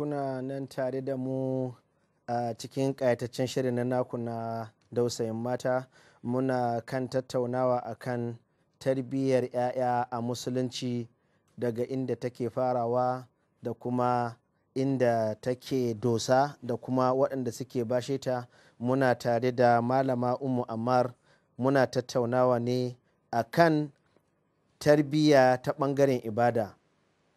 kuna nan tare da mu a cikin kayataccen shirin na naku na dausayin mata muna kan tattaunawa akan tarbiyyar 'ya'ya a musulunci daga inda take farawa da kuma inda take dosa da kuma waɗanda suke bashe ta muna tare da malama umu ammar muna tattaunawa ne akan tarbiyya ta ɓangaren ibada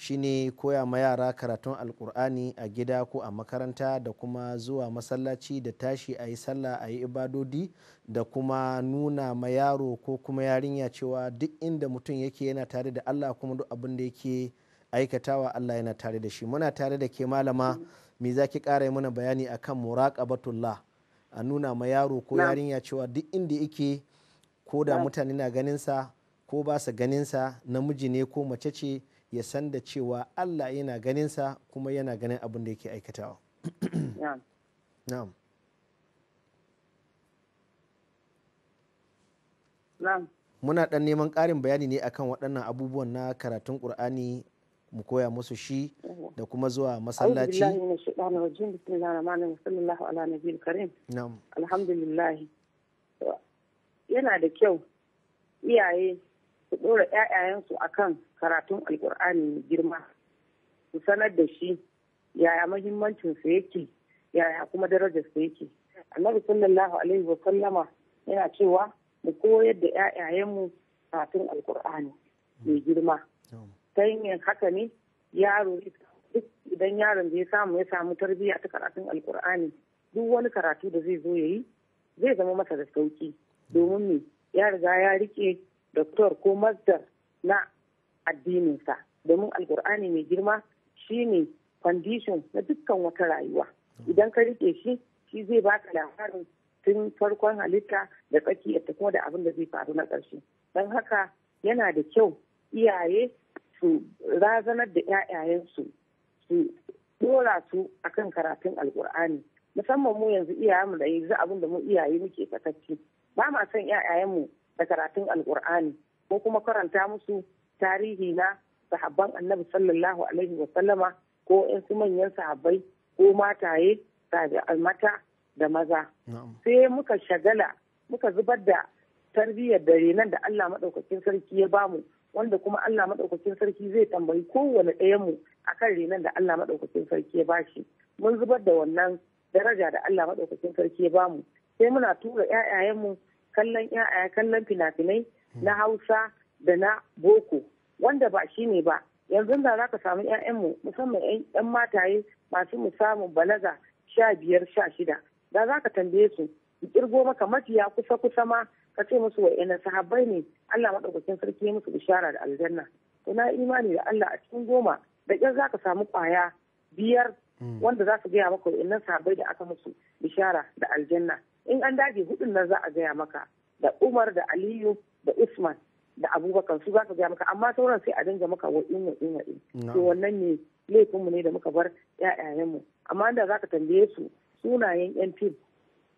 shine koya ma yara karatun alkur'ani a gida ko a makaranta da kuma zuwa masallaci da tashi a yi sallah a yi ibadodi da kuma nuna ma yaro ko kuma yarinya cewa duk inda mutum yake yana tare da allah kuma duk abin da yake aikatawa allah yana tare da shi muna tare da ke malama me za ki ƙara mana bayani akan muraqabatullah a nuna ma yaro ko yarinya cewa duk inda yake ko da mutane na ganinsa ko ba su ganinsa namiji ne ko mace ce ya san da cewa Allah yana ganin sa kuma yana ganin abin da yake aikatawa. Muna ɗan neman ƙarin bayani ne akan waɗannan abubuwan na karatun Ƙur'ani mu koya musu shi da kuma zuwa masallaci. Yana da kyau iyaye su ɗora 'ya'yayensu akan karatun alkur'ani girma su sanar da shi yaya mahimmancin sa yake yaya kuma darajar darajarsa yake annabi sallallahu alaihi wa sallama yana cewa mu koyar da 'ya'yayenmu karatun alkur'ani mai girma ta yin haka ne yaro duk idan yaron da ya samu ya samu tarbiyya ta karatun alkur'ani duk wani karatu da zai zo ya yi zai zama masa da sauki domin me ya riga ya rike doktor ko mazdar na addininsa domin alkur'ani mai girma shi ne foundation na dukkan wata rayuwa idan ka rike shi shi zai baka labarin tun farkon halitta da tsaki ta kuma da abin da zai faru na ƙarshe don haka yana da kyau iyaye su razanar da 'ya'yayensu su dora su akan karatun alkur'ani musamman mu yanzu iyayenmu da yanzu abin da mu iyaye muke sakacci ba ma son 'ya'yayenmu da karatun alkur'ani ko kuma karanta musu tarihi na sahabban annabi sallallahu alaihi wa sallama ko in su manyan sahabbai ko mataye mata da maza sai muka shagala muka zubar da tarbiyyar da renan da Allah madaukakin sarki ya bamu wanda kuma Allah maɗaukacin sarki zai tambayi kowane mu akan renan da Allah madaukakin sarki ya bashi mun zubar da wannan daraja da Allah madaukakin sarki ya bamu sai muna tura 'ya'yayenmu kallon 'ya'ya kallon fina-finai na hmm. Hausa da na boko wanda ba shi ne ba yanzu da za ka samu 'ya'yanmu musamman 'yan mataye masu musamun balaga sha biyar sha shida da za ka tambaye su kirgo maka mafiya kusa kusa ma ka ce musu wa'ina sahabbai ne Allah maɗaukakin sarki ya musu bishara da aljanna to na imani da Allah a cikin goma da ƙyar za ka samu ƙwaya biyar mm. wanda za su gaya maka wa sahabbai da aka musu bishara da aljanna in an dage hudun nan za a gaya maka da Umar da Aliyu da Usman da abubakar su za su gaya maka amma sauran sai a dinga maka wa ina ina to wannan ne laifinmu ne da muka bar mu amma da za ka tambaye su sunayen yan fim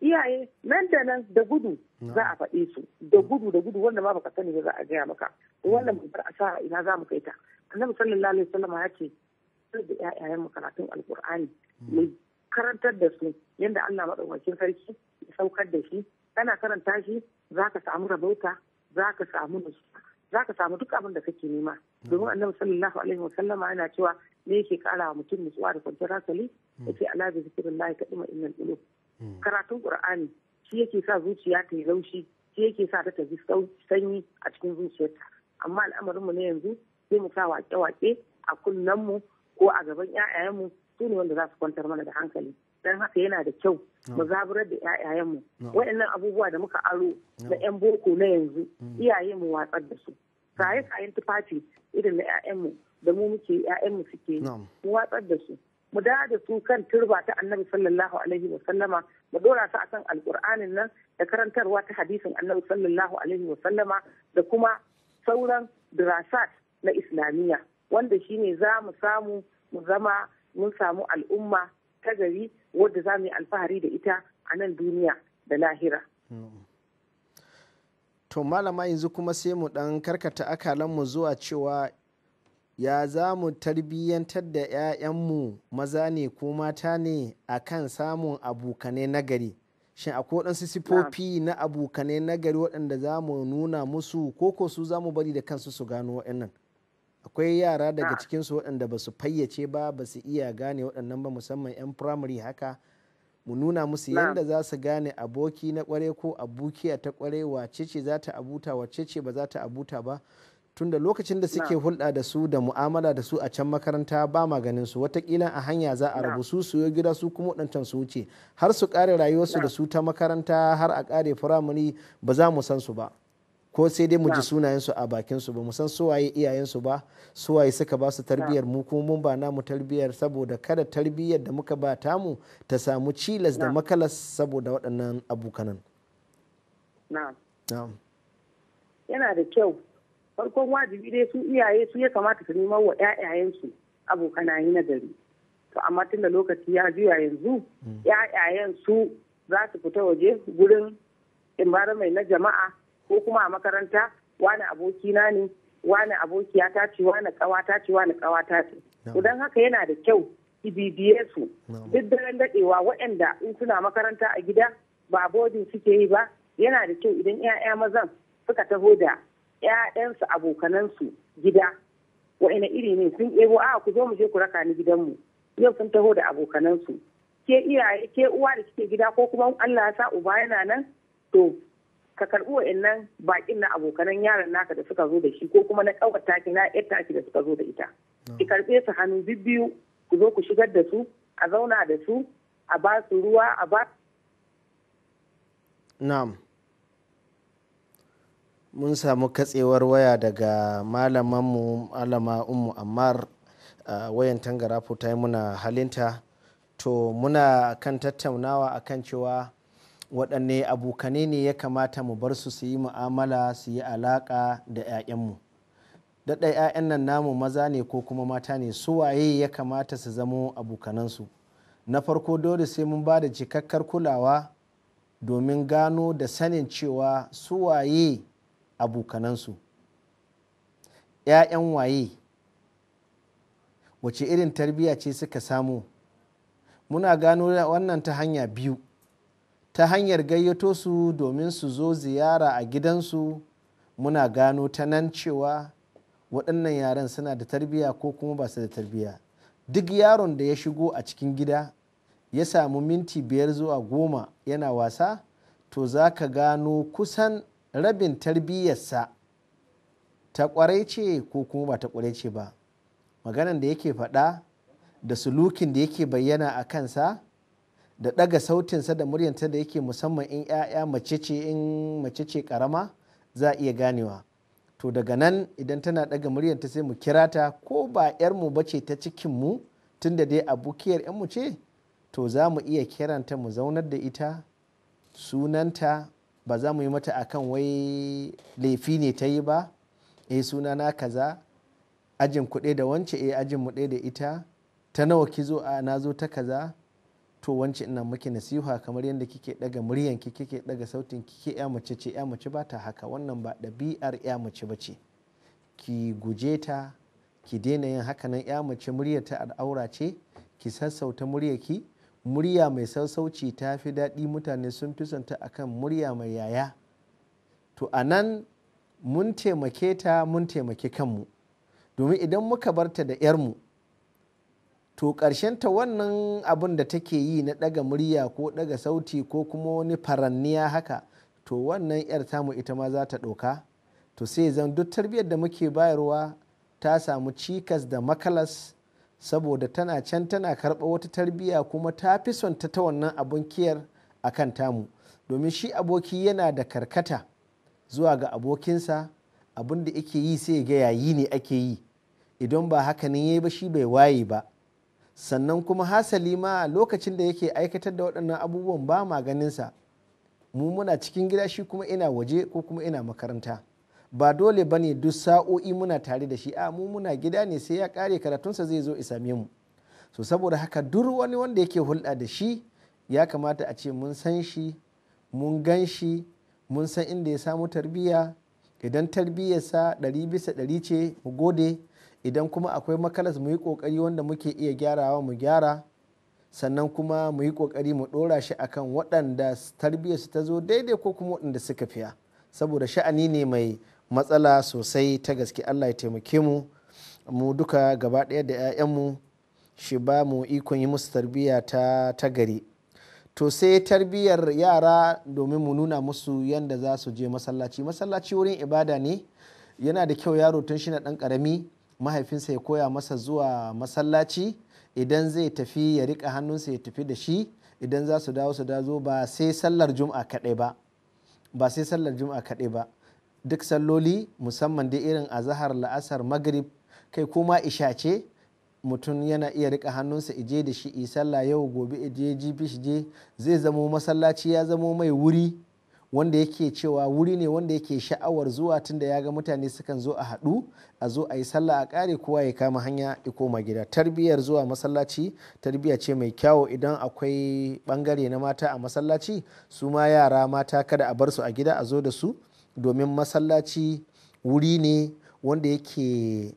iyaye nan da nan da gudu za a faɗe su da gudu da gudu wanda ma baka sani ba za a gaya maka to wannan mu bar a sa ina za mu kai ta annabi sallallahu alaihi wasallam ya ce da ƴaƴayenmu karatun alkur'ani mu karantar da su yadda Allah madaukakin sarki ya saukar da shi kana karanta shi za ka samu rabauta za ka samu nutsuwa za ka samu duk abin da kake nema mm. domin annabi sallallahu alaihi wasallama yana cewa me yake kara wa mutum nutsuwa da kwanciyar hankali mm. yace ala bi layi ka dima innal karatun qur'ani shi yake sa zuciya ta yi laushi shi yake sa ta tafi sanyi a cikin zuciyarta amma al'amarin mu na yanzu sai mu sa wake-wake a kunnen mu ko a gaban mu. su ne wanda za su kwantar mana da hankali don haka yana da kyau mu zaburar da 'ya'yayenmu waɗannan abubuwa da muka aro na 'yan boko na yanzu mm. iyaye mu watsar da su saye sayen tufafi irin na 'ya'yanmu da mu muke 'ya'yanmu suke mu watsar da su mu da da su kan turba ta annabi sallallahu alaihi wa sallama mu dora su akan alkur'anin nan da karantarwa ta hadisin annabi sallallahu alaihi wa sallama da kuma sauran dirasat na islamiyya wanda shine za mu samu mu zama mun samu al'umma ta gari wadda za mu yi alfahari da ita a nan duniya da lahira. To malama yanzu kuma sai mu ɗan karkata akalanmu zuwa cewa ya za mu tarbiyyantar da 'ya'yanmu maza ne ko mata ne a kan samun abokanai nagari. Shin akwai waɗansu sifofi na abokanai nagari waɗanda za mu nuna musu ko ko su za mu bari da kansu su gano waannan akwai yara daga ah. cikinsu waɗanda ba su fayyace ba ba su iya gane waɗannan ba musamman 'yan firamare haka mu nuna musu yadda za su gane aboki na kware ko abukiya ta kware wace ce za ta abuta wace ce ba za ta abuta ba tunda lokacin da suke hulɗa da su da mu'amala da su a can makaranta ba maganin su watakila a hanya za a rabu su su gida su kuma waɗancan su wuce har su ƙare rayuwarsu da su ta makaranta har a ƙare firamare ba za mu san su ba ko sai dai mu ji sunayensu a bakin su ba mu san suwaye iyayensu ba suwaye suka ba su tarbiyyar mu kuma mun ba namu tarbiyar saboda kada tarbiyyar da muka ba ta mu ta samu cilas da makalas saboda waɗannan abokanan. yana da kyau farkon wajibi dai su iyaye su ya kamata su neman wa abokana abokanayi na gari to amma tunda lokaci ya juya yanzu mm. ƴaƴayen su za su fita waje gurin environment na jama'a ko kuma a makaranta wani abokina ne wani abokiya ta ce wani kawata ce wani ta ce to don haka yana da kyau ki bibiye su duk daren dadewa waɗanda in suna makaranta a gida ba bodin suke yi ba yana da kyau idan 'ya'ya mazan suka taho da 'ya'yansu abokanansu gida wa'ina iri ne sun ebo a ku zo mu je ku raka ni gidanmu yau sun taho da abokanansu ke iyaye ke uwa da kike gida ko kuma Allah ya sa uba yana nan to ka karɓi wa'annan baƙin na abokanan yaran naka da suka zo da shi ko kuma na ɗaukar taki na yar taki da suka zo da ita ki karɓe su hannu bibbiyu ku zo ku shigar da su a zauna da su a ba su ruwa a ba na'am mun samu katsewar waya daga malaman mu alama ummu ammar wayan tangara ta muna halinta to muna kan tattaunawa akan cewa waɗanne abokane ne ya kamata mu bar su su yi mu'amala su yi alaƙa da 'ya'yanmu daɗa 'ya'yan nan namu maza ne ko kuma mata ne su waye ya kamata su zamo abokanansu na farko dole sai mun ba da cikakkar kulawa domin gano da sanin cewa su waye abokanansu 'ya'yan waye wace irin tarbiyya ce suka samu muna gano wannan ta hanya biyu ta hanyar gayyato su domin su zo ziyara a gidansu muna gano ta nan cewa waɗannan yaren suna da tarbiyya ko kuma ba su da tarbiya duk yaron da ya shigo a cikin gida ya samu minti biyar zuwa goma yana wasa to za ka gano kusan rabin tarbiyyarsa ta kwarai ce ko kuma ba ta kwarai ce ba maganan da yake faɗa da sulukin da yake bayyana a kansa da ɗaga sautinsa da muryanta da yake musamman in 'ya'ya mace ce in mace ce karama za a iya ganewa to daga nan idan tana ɗaga muryanta sai mu kira ta ko ba 'yarmu ba ce ta cikinmu tunda dai abokiyar 'yanmu ce to za mu iya kiranta mu zaunar da ita sunanta ba za mu yi mata akan wai laifi ne ta yi ba Eh suna na kaza ajin kuɗe da wance e ajin mu ɗaya da ita ta nawa kizo a na zo ta kaza to wance ina miki nasiha kamar yadda kike daga muryan ki kike daga sautin ki ke ya mace ce ya mace ba ta haka wannan ba ɗabi'ar ya mace ba ce ki guje ta ki daina yin haka nan ya mace ta al'aura ce ki sassauta murya ki murya mai sassauci ta fi daɗi mutane sun fi akan murya mai yaya to a nan mun taimake ta mun taimake kanmu domin idan muka barta da 'yarmu mu to ta wannan abin da take yi na ɗaga murya ko ɗaga sauti ko kuma wani faranniya haka to wannan 'yar tamu ita ma za ta ɗauka to sai zan duk tarbiyyar da muke bayarwa ta samu cikas da makalas saboda tana can tana karɓa wata tarbiyya kuma ta fi son ta ta wannan abun kiyar a kan tamu domin shi aboki yana da karkata zuwa ga abokinsa abin da ake yi sai ga yayi ne ake yi idan ba haka ne ya yi ba shi bai waye ba sannan kuma hasali ma lokacin da yake aikatar da waɗannan abubuwan ba ma sa mu muna cikin gida shi kuma ina waje ko kuma ina makaranta ba dole ba ne duk sa'o'i muna tare da shi a mu muna gida ne sai ya ƙare karatunsa zai zo isame mu so saboda haka duk wani wanda yake hulɗa da shi ya kamata a ce mun san shi mun gan shi mun san inda ya samu tarbiyya idan tarbiyyarsa ɗari bisa ɗari ce mu gode idan kuma akwai makalas mu yi kokari wanda muke iya gyarawa mu gyara sannan kuma mu yi kokari mu ɗora shi akan waɗanda su ta zo daidai ko kuma waɗanda suka fiya saboda sha'ani ne mai matsala sosai ta gaske allah ya taimake mu mu duka gaba ɗaya da 'ya'yanmu shi ba mu ikon yi musu tarbiyya ta, ta gari to sai tarbiyyar yara domin mu nuna musu yadda za su je masallaci masallaci wurin ibada ne yana da kyau yaro tun shi na ɗan ƙarami mahaifinsa ya koya masa zuwa masallaci idan zai tafi ya rika hannunsa ya tafi da shi idan za su dawo su dazo ba sai sallar juma'a kaɗai ba ba sai sallar juma'a kaɗai ba duk salloli musamman dai irin azahar la'asar magrib kai kuma isha ce mutum yana iya rika hannunsa ije da shi sallah yau gobe ije jibi shi je zai zamo masallaci ya zamo mai wuri wanda yake cewa wuri ne wanda yake sha'awar zuwa tunda ya ga mutane sukan zo a haɗu a zo a yi sallah a ƙare kowa ya kama hanya ya koma gida tarbiyyar zuwa masallaci tarbiyya ce mai kyawo idan akwai ɓangare na mata a masallaci su ma yara mata kada a bar su a gida a zo da su domin masallaci wuri ne wanda yake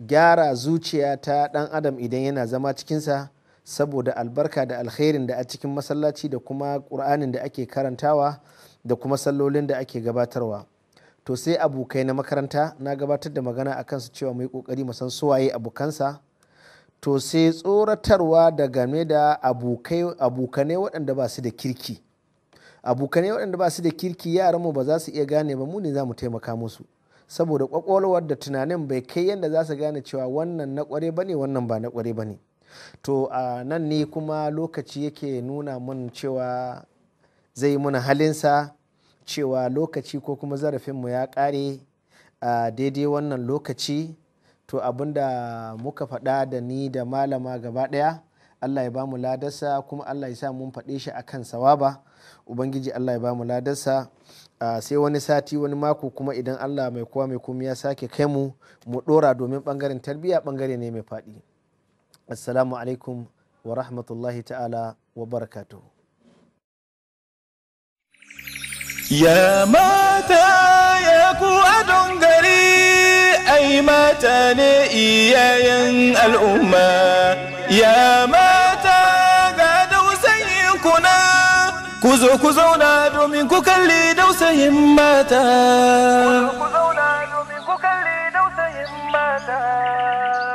gyara zuciya ta ɗan adam idan yana zama cikinsa saboda albarka da alkhairin da a cikin masallaci da kuma ƙur'anin da ake karantawa da kuma sallolin da ake gabatarwa to sai abokai na makaranta na gabatar da magana a kansu cewa mai ƙoƙari mu san suwaye abokansa to sai tsoratarwa da game da abokanai waɗanda ba su da kirki abokanai waɗanda ba su da kirki yaranmu ba za su iya gane ba mu ne za mu taimaka musu saboda kwakwalwar da tunanin bai kai yadda za su gane cewa wannan na kware ba ne wannan ba na kware ba ne to a nan ne kuma lokaci yake nuna mun cewa zai muna halinsa cewa lokaci ko kuma zarafinmu ya ƙare a daidai wannan lokaci to abinda muka faɗa da ni da malama gaba ɗaya allah ya bamu ladarsa kuma allah ya sa mun faɗe shi a kan sawaba ubangiji allah ya bamu ladarsa sai wani sati wani mako kuma idan allah mai kowa mai komi ya sake kai mu mu ɗora domin ɓangaren tarbiyya ɓangare ne mai faɗi assalamu alaikum wa rahmatullahi ta'ala wa barakatuhu ya mata ya ku adon gari ai mata ne iyayen al'umma ya mata ga dausayin kuna ku zo ku domin ku kalli dausayin mata ku zauna domin ku kalli dausayin mata